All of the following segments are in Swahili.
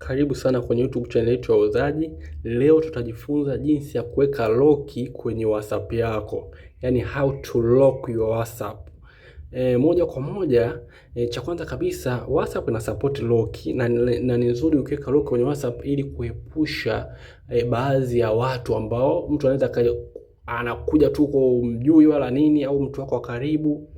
Karibu sana kwenye YouTube channel yetu ya Wauzaji. Leo tutajifunza jinsi ya kuweka loki kwenye WhatsApp yako, yaani how to lock your WhatsApp. E, moja kwa moja e, cha kwanza kabisa WhatsApp ina support lock na, na ni nzuri ukiweka lock kwenye WhatsApp ili kuepusha e, baadhi ya watu ambao mtu anaweza anakuja tu kwa mjui wala nini au mtu wako wa karibu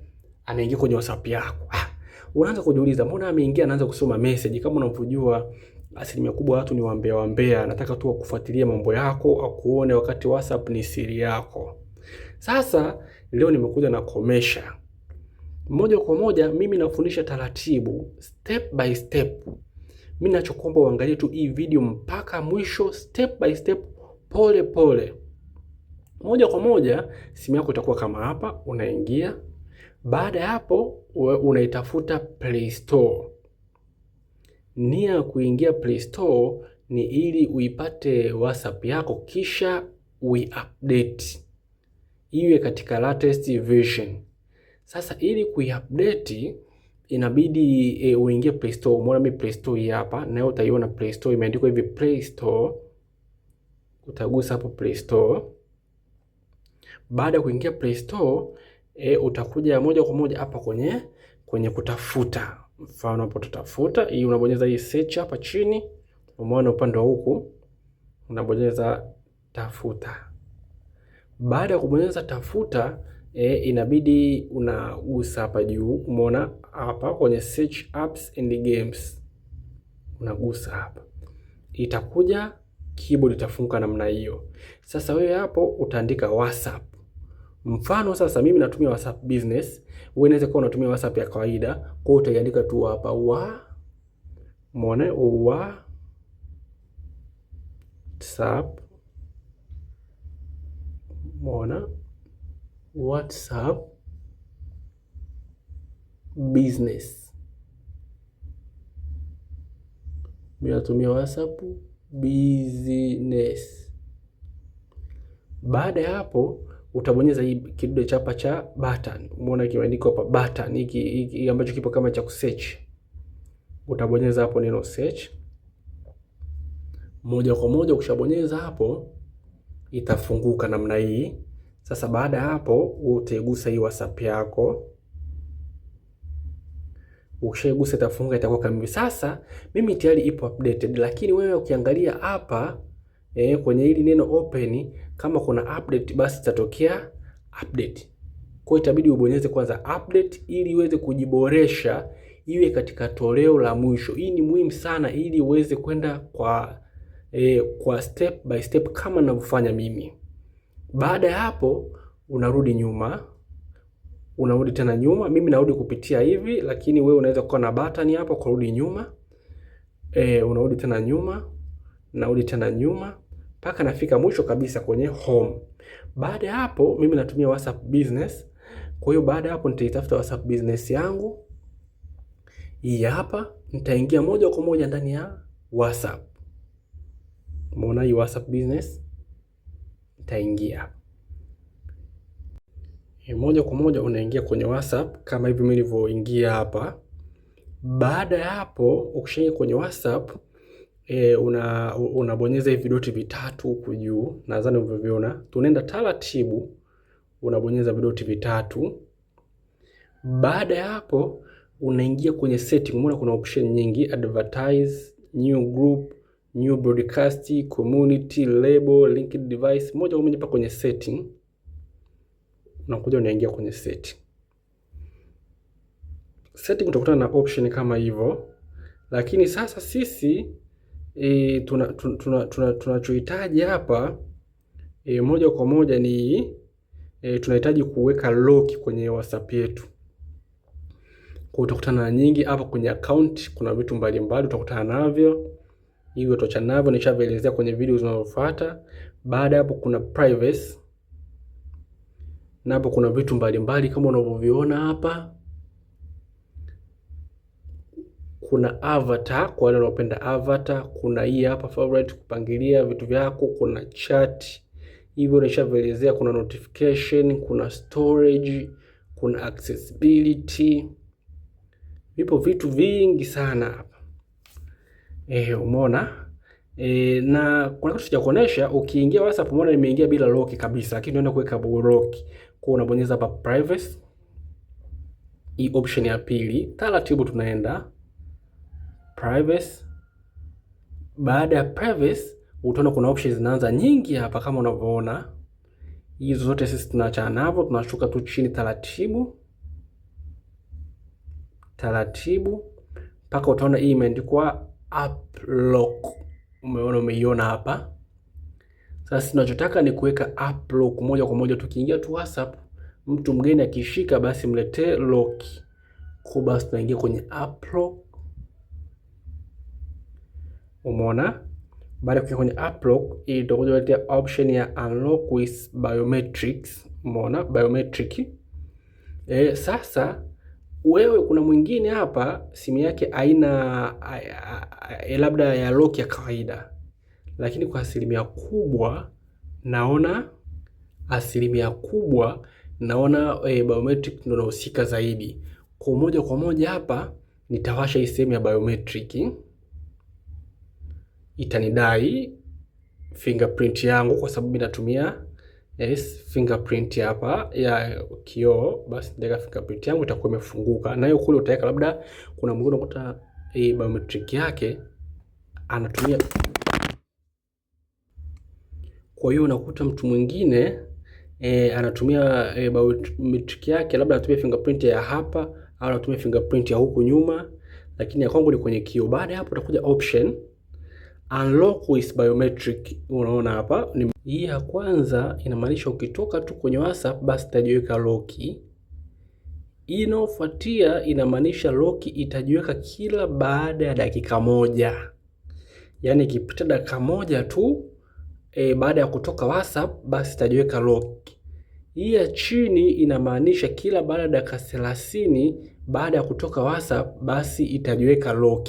anaingia kwenye WhatsApp yako. Ah, unaanza kujiuliza mbona ameingia, anaanza kusoma message kama unamjua asilimia kubwa watu ni wambea wambea, nataka tu wakufuatilia mambo yako akuone, wakati WhatsApp ni siri yako. Sasa leo nimekuja na komesha moja kwa moja. Mimi nafundisha taratibu, step by step. Mimi nachokuomba uangalie tu hii video mpaka mwisho, step by step, pole pole, moja kwa moja. Simu yako itakuwa kama hapa, unaingia. Baada ya hapo, unaitafuta Play Store. Nia kuingia Play Store ni ili uipate WhatsApp yako kisha uiupdate iwe katika latest version. Sasa ili kuiupdate inabidi e, uingie Play Store. Umeona mimi Play Store hii hapa, wewe utaiona Play Store imeandikwa hivi Play Store. Utagusa hapo Play Store. Baada ya kuingia Play Store e, utakuja moja kwa moja hapa kwenye kwenye kutafuta Mfano hapo tutafuta hii, unabonyeza hii search hapa chini, umeona upande wa huku, unabonyeza tafuta. Baada ya kubonyeza tafuta e, inabidi unagusa hapa juu, umeona hapa kwenye search apps and games, unagusa hapa, itakuja keyboard itafunguka namna hiyo. Sasa wewe hapo utaandika WhatsApp Mfano sasa mimi natumia WhatsApp business, wewe unaweza kuwa unatumia WhatsApp ya kawaida, kwa utaiandika tu hapa wa mone wa WhatsApp mona WhatsApp business. Mimi natumia WhatsApp business. Baada ya hapo utabonyeza hii kidude chapa cha button. Umeona kimeandikwa hapa button, hiki ambacho kipo kama cha kusearch. Utabonyeza hapo neno search moja kwa moja. Ukishabonyeza hapo itafunguka namna hii. Sasa baada ya hapo utaigusa hii WhatsApp yako. Ukishaigusa itafunguka, itakuwa kamili. Sasa mimi tayari ipo updated, lakini wewe ukiangalia hapa eh, kwenye hili neno open kama kuna update basi itatokea update. Kwa itabidi ubonyeze kwanza update ili iweze kujiboresha iwe katika toleo la mwisho. Hii ni muhimu sana ili uweze kwenda kwa e, kwa step by step kama ninavyofanya mimi. Baada ya hapo unarudi nyuma, unarudi tena nyuma. Mimi narudi kupitia hivi, lakini wewe unaweza kuwa na button hapo kurudi nyuma. E, unarudi tena nyuma, narudi tena nyuma mpaka nafika mwisho kabisa kwenye home. Baada ya hapo mimi natumia WhatsApp business. Kwa hiyo baada ya hapo nitaitafuta WhatsApp business yangu hii hapa, nitaingia moja kwa moja ndani ya WhatsApp. Umeona hii WhatsApp business, nitaingia moja kwa moja, unaingia kwenye WhatsApp kama hivi mimi nilivyoingia hapa. Baada ya hapo ukishaingia kwenye WhatsApp e, una unabonyeza hivi vidoti vitatu huku juu, nadhani unavyoviona. Tunaenda taratibu, unabonyeza vidoti vitatu. Baada ya hapo, unaingia kwenye setting. Umeona kuna option nyingi: advertise, new group, new broadcast, community, label, linked device. Moja kwa moja pa kwenye setting, unakuja unaingia kwenye setting. Setting utakutana na option kama hivyo, lakini sasa sisi e, tunachohitaji tuna, tuna, tuna, tuna hapa e, moja kwa moja ni e, tunahitaji kuweka lock kwenye WhatsApp yetu. Kwa utakutana na nyingi hapa kwenye account, kuna vitu mbalimbali utakutana navyo, hivyo tuachana navyo, nishavielezea kwenye video zinazofuata. Baada hapo kuna privacy na hapo kuna vitu mbalimbali kama unavyoviona hapa. kuna avatar kwa wale wanaopenda avatar, kuna hii hapa favorite kupangilia vitu vyako, kuna chat hivyo nishavielezea, kuna notification, kuna storage, kuna accessibility, vipo vitu vingi sana hapa eh, umeona e, na kuna kitu sijakuonesha. Ukiingia WhatsApp, umeona nimeingia bila lock kabisa, lakini unaenda kuweka lock kwa unabonyeza hapa privacy, hii option ya pili, taratibu tunaenda privacy. Baada ya privacy, utaona kuna options zinaanza nyingi hapa kama unavyoona. Hizo zote sisi tunaacha nazo, tunashuka tu chini taratibu taratibu mpaka utaona hii imeandikwa app lock. Umeona, umeiona hapa. Sasa tunachotaka ni kuweka app lock moja kwa moja. Tukiingia tu WhatsApp, mtu mgeni akishika, basi mletee lock basi tunaingia kwenye app lock. Umeona, baada ya kuingia kwenye app lock itakuja option ya unlock with biometrics. Umeona biometric. E, sasa wewe kuna mwingine hapa simu yake aina labda ya lock ya kawaida, lakini kwa asilimia kubwa naona asilimia kubwa naona e, biometric ndio nahusika zaidi. Kwa moja kwa moja hapa nitawasha hii sehemu ya biometric itanidai fingerprint yangu kwa sababu inatumia yes, fingerprint hapa ya kioo, basi ndio fingerprint yangu itakuwa imefunguka. Na hiyo kule utaweka labda, kuna mwingine unakuta hii eh, e, biometric yake anatumia. Kwa hiyo unakuta mtu mwingine e, anatumia e, biometric yake labda anatumia fingerprint ya hapa au anatumia fingerprint ya huku nyuma, lakini ya kwangu ni kwenye kioo. Baada ya hapo utakuja option unlock with biometric. Unaona hapa hii ya kwanza inamaanisha ukitoka tu kwenye WhatsApp basi itajiweka lock. Hii inayofuatia inamaanisha lock itajiweka kila baada ya dakika moja, yaani ikipita dakika moja tu e, baada ya kutoka WhatsApp basi itajiweka lock. Hii ya chini inamaanisha kila baada ya dakika thelathini baada ya kutoka WhatsApp basi itajiweka lock.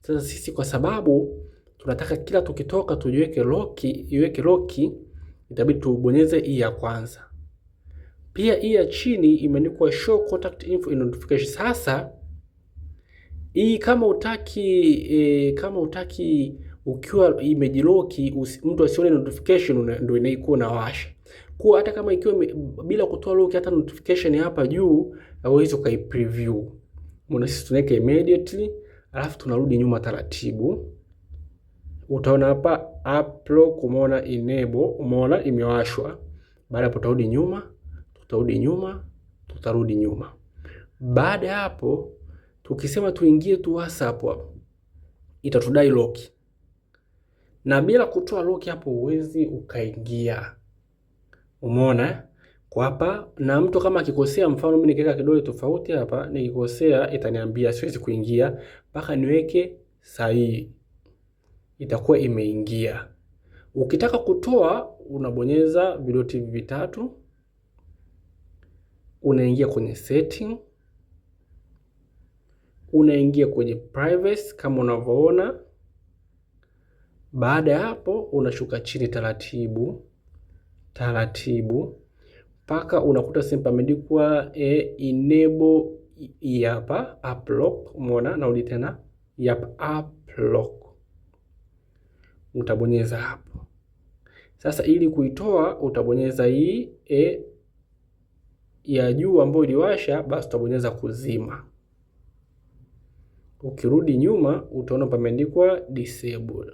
Sasa sisi kwa sababu tunataka kila tukitoka tujiweke loki, iweke loki, itabidi tubonyeze hii ya kwanza. Pia hii ya chini imeandikwa show contact info in notification. Sasa hii kama utaki e, kama utaki ukiwa imejiloki mtu asione notification, ndio inaikuwa na washa kwa hata kama ikiwa bila kutoa lock, hata notification hapa juu hauwezi ukai preview. Mbona sisi tunaweka immediately, alafu tunarudi nyuma taratibu utaona hapa upload, kumona enable, umeona imewashwa. Baada hapo tutarudi nyuma, tutarudi nyuma, tutarudi nyuma. Baada ya hapo tukisema tuingie tu WhatsApp hapo itatudai lock, na bila kutoa lock hapo uwezi ukaingia. Umeona kwa hapa, na mtu kama akikosea, mfano mimi nikiweka kidole tofauti hapa, nikikosea itaniambia siwezi kuingia mpaka niweke sahihi itakuwa imeingia. Ukitaka kutoa unabonyeza vidoti vitatu, unaingia kwenye setting, unaingia kwenye privacy kama unavyoona. Baada ya hapo, unashuka chini taratibu taratibu mpaka unakuta sehemu pameandikwa e, enable yapa app lock. Umeona, naudi tena yapa app lock utabonyeza hapo. Sasa ili kuitoa utabonyeza hii e ya juu ambayo iliwasha, basi utabonyeza kuzima. Ukirudi nyuma utaona pameandikwa disable.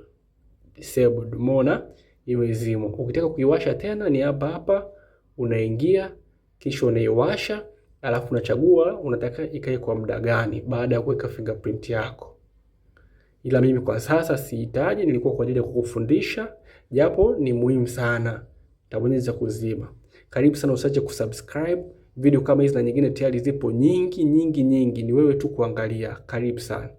Disabled. Umeona imezimwa. Ukitaka kuiwasha tena ni hapa hapa, unaingia kisha unaiwasha, alafu unachagua unataka ikae kwa muda gani baada ya kuweka fingerprint yako ila mimi kwa sasa sihitaji, nilikuwa kwa ajili ya kukufundisha, japo ni muhimu sana. Tabonyeza kuziba. Karibu sana, usiache kusubscribe. Video kama hizi na nyingine tayari zipo nyingi nyingi nyingi, ni wewe tu kuangalia. Karibu sana.